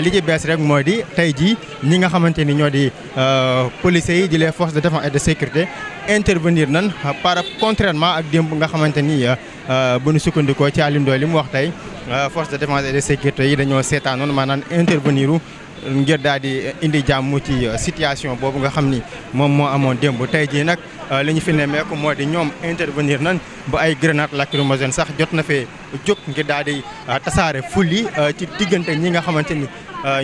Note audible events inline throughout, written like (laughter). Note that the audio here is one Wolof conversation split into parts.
li ci bees rek mooy di tey jii ñi nga xamante ni ñoo di euh, policiers yi di les forces de défense de sécurité intervenir nan par contrairement ak démb nga xamante ni euh, euh, bu ñu sukkandikoo ci Alioune li mu wax tey force de défense et de sécurité yi dañoo seetaanoon maanaam intervenir ngir daal di indi jàmm ci euh, situation boobu nga xam ni moom moo amoon démb tey jii nag euh, li ñu fi nemmeeku moo di ñoom intervenir nañ ba ay grenade lacrymogène sax jot na fee jóg ngir daal di euh, tasaare ful yi ci diggante ñi nga xamante ni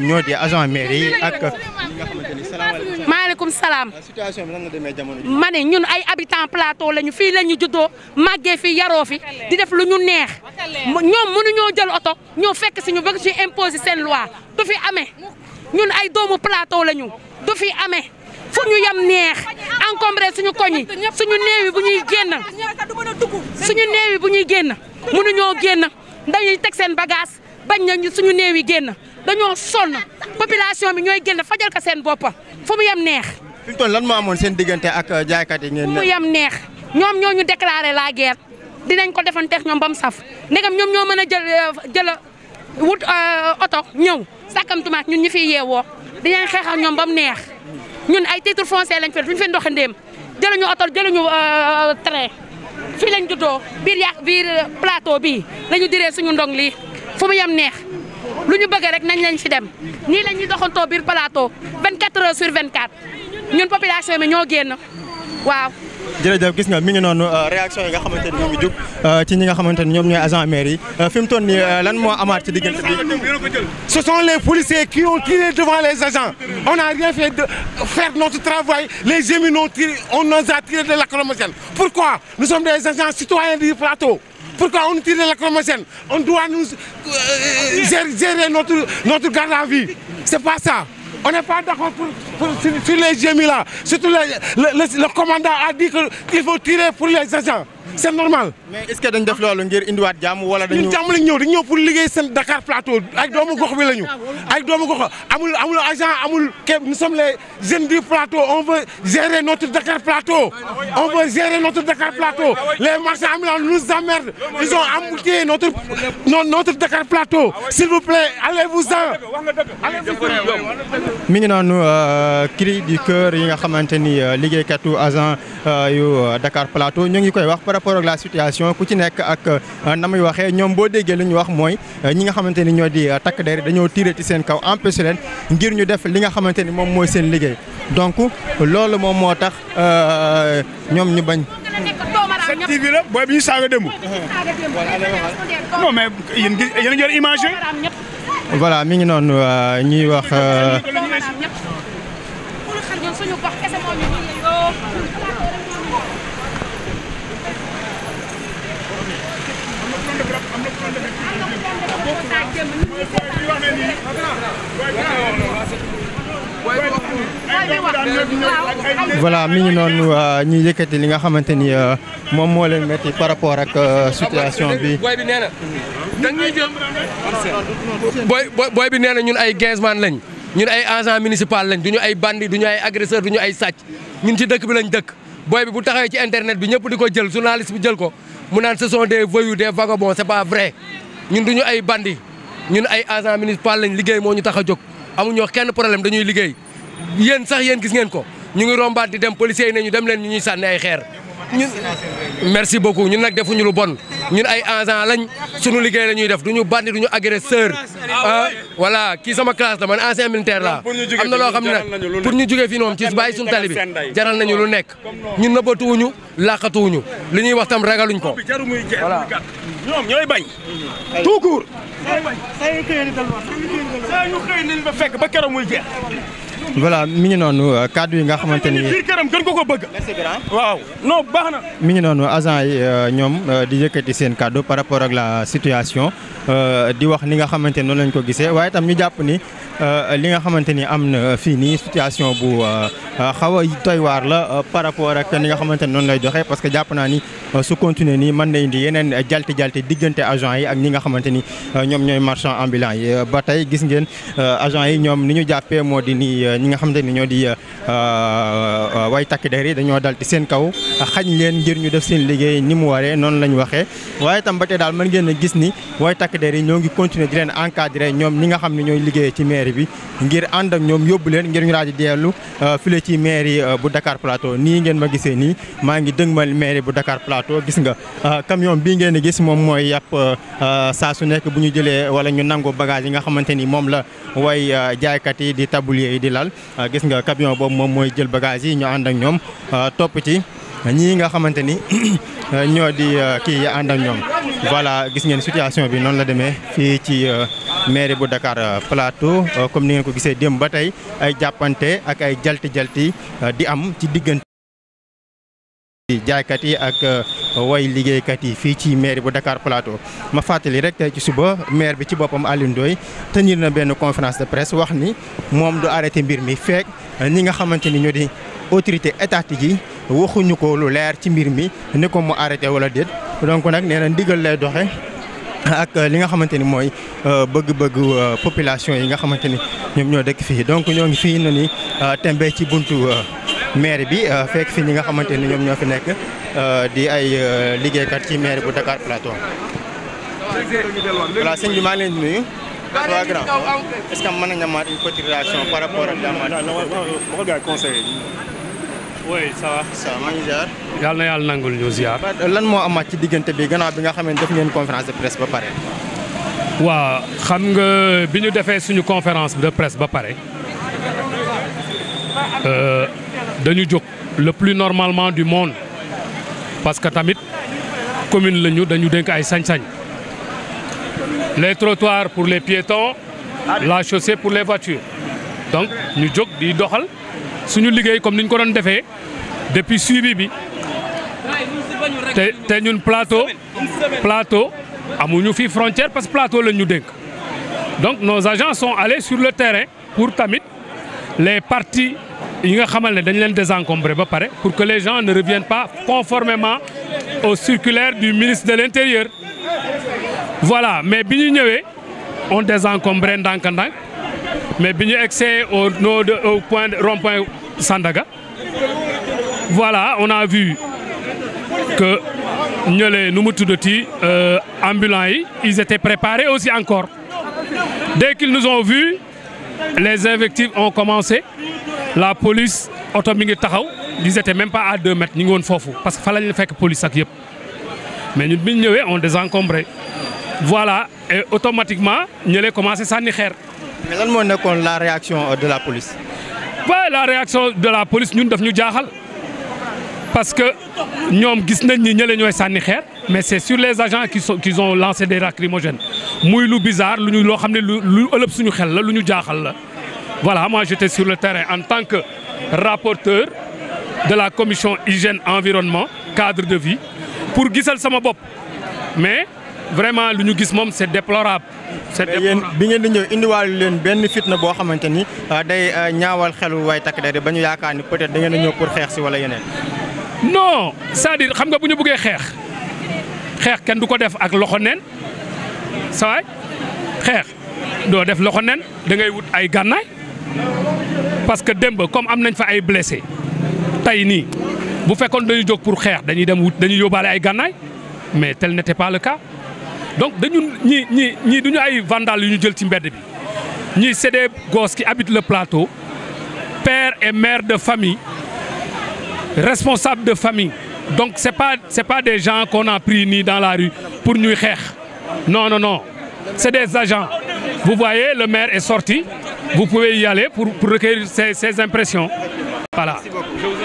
ñoo di agent maire yi ak ñi xamante ni salaamaaleykum. maaleykum salaam. situation bi nan demee jamono ji. ma ne ñun ay habitants plateau lañu fii lañu juddoo màggee fii yaroo fi di def lu ñu neex ñoom mënuñoo jël oto ñoo fekk si ñu bëgg ci imposer seen loi du fi amee. ñun ay doomu plateau lañu du fi amee fu ñu yam neex encombré suñu koñ yi suñu néew yi bu ñuy génn suñu néew yi bu ñuy génn mënuñoo génn dañuy teg seen bagage bañ nañu suñu néew yi génn dañoo sonn population bi ñooy génn fajal ko seen boppa fu mu yam neex. fi mu toll lan moo amoon seen diggante ak uh, jaaykat yi. ngeen fu neex ñoom ñoo ñu déclaré la guerre dinañ ko defanteex ñoom ba mu saf ñoo mën a jël uh, jël. wut euh, oto ñëw sàkkamtumaat ñun ñu fiy yeewoo dinañ xeex ak ñoom ba mu neex ñun ay titre foncier lañ fi duñ fi ndoxandéem jëluñu oto jëluñu euh, train fii lañ juddoo biir yàq biir plato bii la ñu suñu ndong li fu mu yem neex lu ñu bëgg rek nañ lañ fi dem nii la doxantoo biir plateau 24 heures sur 24 ñun population bi ñoo génn waaw. jërëjëf gis nga mi ngi noonu euh, réaction yi nga xamante ni mu ngi jug euh, ci ñi nga xamante ni ñoom ñooy agent maire yi euh, fi mu toll nii lan moo amaat ci sont les policiers qui ont tiré devant les agents on n'a rien de faire notre travail les géminons on nous a tiré de lacrymogène pourquoi nous sommes des agents citoyens du plateau. on tire la lacrymogène on doit nous gérer notre garde à vue c'est pas ça on n'est pas d'accord pour sur les gémis là surtout le commandant a dit que il faut tirer pour les agents c'est normal. mais est-ce que dañ def loolu ngir indiwaat jàmm wala dañu. ñun jàmm lañ ñëw dañ ñëw pour liggéey seen Dakar plateau ay doomu gox bi la ñu ay doomu gox amul amul agent amul képp nous sommes les jeunes du plateau on veut gérer notre Dakar plateau. on veut gérer notre Dakar plateau les marchands ambulants nous emmerdent ils ont embouteillé notre notre plateau s'il vous allez-vous-en. Euh, cri du yi nga xamante ni euh, liggéeykatu agent euh, yu Dakar Plateau ñu ngi koy wax par rapport ak la situation ku ci nekk ak na muy waxee ñoom boo déggee li ñu wax mooy ñi nga xamante ni ñoo di takk der dañoo tiire ci seen kaw empêché leen ngir ñu def li nga xamante ni moom mooy seen liggéey donc loolu moom moo tax ñoom ñu bañ. cette TV mi ngi noonu ñuy wax. suñu gox mi ngi noonu euh, ñu yëkkati li nga xamante ni euh, moom moo leen metti par rapport ak euh, situation bi. booy bi nee na. ñun ay 15 man lañ. ñun ay agent municipal lañ du ñu ay bandi du ñu ay agresseur du ñu ay sàcc ñun ci dëkk bi lañ dëkk booy bi bu taxawee ci internet bi ñëpp di ko jël journaliste bi jël ko mu naan ce sont des voyous des vagabonds c'est pas vrai ñun du ñu ay bandi ñun ay agent municipal lañ liggéey moo ñu tax a jóg amuñu wax kenn problème dañuy liggéey yéen sax yéen gis ngeen ko ñu ngi rombaat di dem policiers yi ne ñu dem leen ñu ñuy sànne ay xeer. merci beaucoup ñun nag defuñu lu bon. ñun ay agent lañ sunu liggéey la ñuy def du ñu bandi du ñu agresseur ah voilà kii sama classe la man ancien militaire la am na loo xam ne nag pour ñu jógee fii noonu ci bàyyi suñu tali bi jaral nañu lu nekk ñun nëbbatuwuñu làqatuwuñu li ñuy wax tam ragaluñ ko voilà. ñoom ñooy bañ. tout court. saa yu xëy na ñu ba fekk ba keroog muy jeex. voilà mi ngi noonu euh, kàddu yi nga xamante ni biir ko ko bëgg. waaw non baax na. mi ngi noonu agent yi euh, ñoom euh, di yëkkati seen kàddu par rapport ak la situation di wax ni nga xamante noonu lañ ko gisee waaye tam ñu jàpp ni Euh, li nga xamante ni am na fii ni situation bu euh, euh, xaw a waar la par rapport ak ni nga xamante ni noonu lay doxee parce que jàpp naa ni su continuer nii mën na indi yeneen jalti jalti diggante agent yi ak ñi nga xamante ni ñoom ñooy marchand ambulant yi ba tey gis ngeen agent yi ñoom ni ñu jàppee moo di ni ñi nga xamante ni ñoo di way takk der yi dañoo dal di seen kaw xañ leen njër ñu def seen liggéey ni mu waree noonu lañ waxee waaye tam ba tey daal mën ngeen gis ni way takk der ñoo ngi continuer di leen encadrer ñoom ñi nga xam ne ñooy liggéey ci mairie mairie bi ngir ànd ak ñoom yóbbu leen ngir ñu daal di dellu euh, file ci mairie euh, bu Dakar Plateau nii ngeen ma gisee nii maa ngi dëgmal mairie bu Dakar Plateau gis nga euh, camion bii ngeen di gis moom mooy yàpp saa su nekk bu ñu jëlee wala ñu nangu bagage yi nga xamante ni moom la way jaaykat yi di tablier yi di lal gis nga camion boobu moom mooy jël bagage yi ñu ànd ak ñoom topp ci ñii nga xamante ni (clears throat) ñoo di euh, kii ànd ak ñoom voilà gis ngeen situation bi noonu la demee fii ci euh, maire bu Dakar euh, Plateau comme ni ngeen ko gisee dem ba tey ay jàppante ak ay jalti-jalti di am ci diggante jaaykat yi ak way liggéeykat yi fii ci maire bu Dakar Plateau ma fàttali rek tey ci suba maire bi ci boppam Alioune te tenir na benn conférence de presse wax ni moom du arrêté mbir mi fekk ñi nga xamante ni ñoo di autorité étatique yi waxuñu ko lu leer ci mbir mi ni ko mu arrêté wala déet donc nag nee na ndigal lay doxe ak li nga xamante ni mooy bëgg-bëgg population yi nga xamante ni ñoom ñoo dekk fii donc ñoo ngi fii na ni tembe ci buntu maire bi fekk fi ñi nga xamante ni ñoom ñoo fi nekk di ay liggéeykat ci maire bu Dakar Plateau. voilà sëñ bi maa ngi leen di nuyu. waa grand est-ce que mën na ñamaat une petite par rapport ak. oui ça va. ça va maa ngi ziar. yal na yàlla nangul ñu ziar. lan moo amaat ci diggante bi gannaaw bi nga xam ne def ngeen conférence de presse ba pare. waaw xam nga bi ñu defee suñu conférence de presse ba pare euh, dañu jóg le plus normalement du monde parce que tamit commune lañu dañu dénk ay sañ-sañ. les trottoirs pour les piétons la chaussée pour les voitures donc ñu jóg di doxal. suñu liggéey comme ni ñu ko doon defee depuis suivi bi te te ñun plateau plateau amuñu fi frontière parce que plateau lañ ñu dénk donc nos agents son allés sur le terrain pour tamit les parties yi nga xamal ne dañu leen désencombrer ba pare pour que les gens ne reviennent pas conformément au circulaire du ministre de l'Intérieur voilà mais bi ñu ñëwee on désencombré ndànk-ndànk mais bi ñu excès au nord de au point rond-point Sandaga voilà on a vu que ñële nu mu tuddati euh, ambulants yi ils étaient préparés aussi encore dès qu'ils nous ont vus les invectives ont commencé la police oto mi ngi taxaw ils étaient même pas à deux mètres ñu ngi woon foofu parce que fa la ñu fekk police ak yëpp mais ñun bi ñu ñëwee on désencombré voilà et automatiquement ñële commencé sànni xeer. lan moo nekkoon la réaction de la police. waaye la réaction de la police ñun daf ñu jaaxal parce que ñoom gis nañ ni ñële ñooy sànni xeer mais c'est sur les agents qui sont qui ont lancé des lacrymogènes muy lu bizarre lu loo xam ne lu lu ëlëb suñu xel la lu ñu jaaxal la. voilà moi j'étais sur le terrain en tant que rapporteur de la commission hygiène environnement cadre de vie pour gisal sama bopp mais. vraiment lu ñu gis moom c'est déplorable. bi ngeen di ñëw indiwaale leen benn fitna boo xamante ni euh, day euh, ñaawal xelu way takk der ba ñu yaakaar ni peut-être da ngeen di ñëw pour xeex si wala yeneen. non cest xam nga bu ñu buggee xeex xeex kenn du ko def ak loxo neen sawaay xeex doo def loxo neen da ngay wut ay gànnaay parce que démb comme am nañ fa ay blessé tey nii bu fekkoon dañu jóg pour xeex dañuy dem wut dañuy yóbbaale ay gànnaay mais tel n'était pas donc dañu ñi ñi ñii du ay vandal yu ñu jël ci mbedd bi ñii c'est des gosses qui habitent le plateau père et mère de famille responsable de famille donc c'est pas c'est pas des gens qu'on a pris nii dans la rue pour ñuy xeex non non non c'est des agents vous voyez le maire est sorti vous pouvez y aller pour pour recueillir ses ses impressions voilà.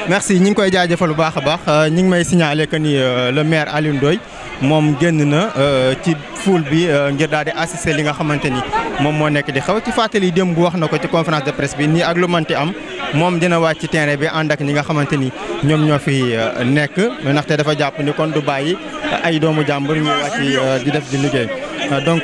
merci ñu ngi koy jaajëfal bu baax a baax euh, ñu ngi may signaler que ni euh, le maire Alioune Ndoye moom génn na euh, ci foule bi euh, ngir daal di assister li nga xamante ni moom moo nekk di xew ci fàttali démb wax na ko ci conférence de presse bi nii ak lu manti am moom dina wàcc ci terrain bi ànd ak ñi nga xamante ni ñoom ñoo fi euh, nekk ndaxte dafa jàpp ni kon du bàyyi ay doomu jàmbur ñuy wàcc di def di liggéey donc.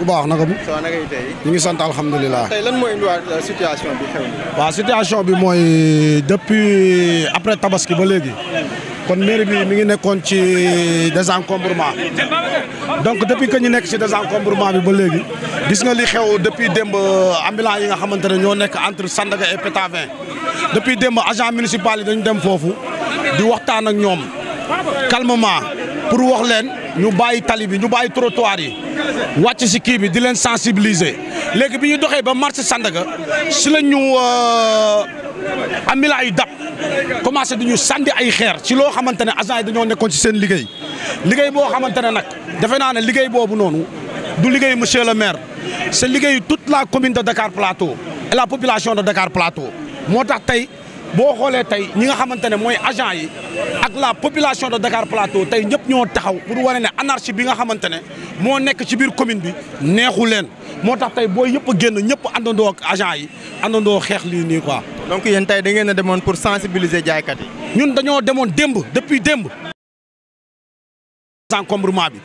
bu baax naka mu. soo naka tey. ñu ngi sant alhamdulilah. tey lan mooy indiwaat situation bi situation bi mooy depuis après tabaski ba léegi. kon mairie bi mi ngi nekkoon ci désencombrement donc depuis que ñu nekk ci désencombrement bi ba léegi gis nga li xew depuis démb euh, ambilan yi nga xamante ne ñoo nekk entre Sandaga et Pétavin depuis démb agent municipal yi dañu dem foofu di waxtaan ak ñoom calmement pour wax leen ñu bàyyi tali bi ñu bàyyi trottoir yi. wàcc si kii bi di leen sensibiliser léegi bi ñu doxee ba marché Sandaga si la ñu euh, amila yu dab commencé di ñu sandi ay xeer ci loo xamante ne agent yi dañoo nekkoon ci seen liggéey liggéey boo xamante ne nag defe naa ne liggéey boobu noonu du liggéey monsieur le maire c'est liggéey toute la commune de Dakar Plateau la population de Dakar Plateau moo tax tey boo xoolee tey ñi nga xamante ne mooy agent yi ak la population de Dakar Plateau tey ñëpp ñoo taxaw pour wane ne anarchie bi nga xamante ne moo nekk ci biir commune bi neexu leen moo tax tey boo yëpp a génn ñëpp àndandoo ak agent yi àndandoo xeex lii nii quoi. donc yéen tey da ngeen a demoon pour sensibiliser jaaykat yi. ñun dañoo demoon démb depuis démb. encombrement bi.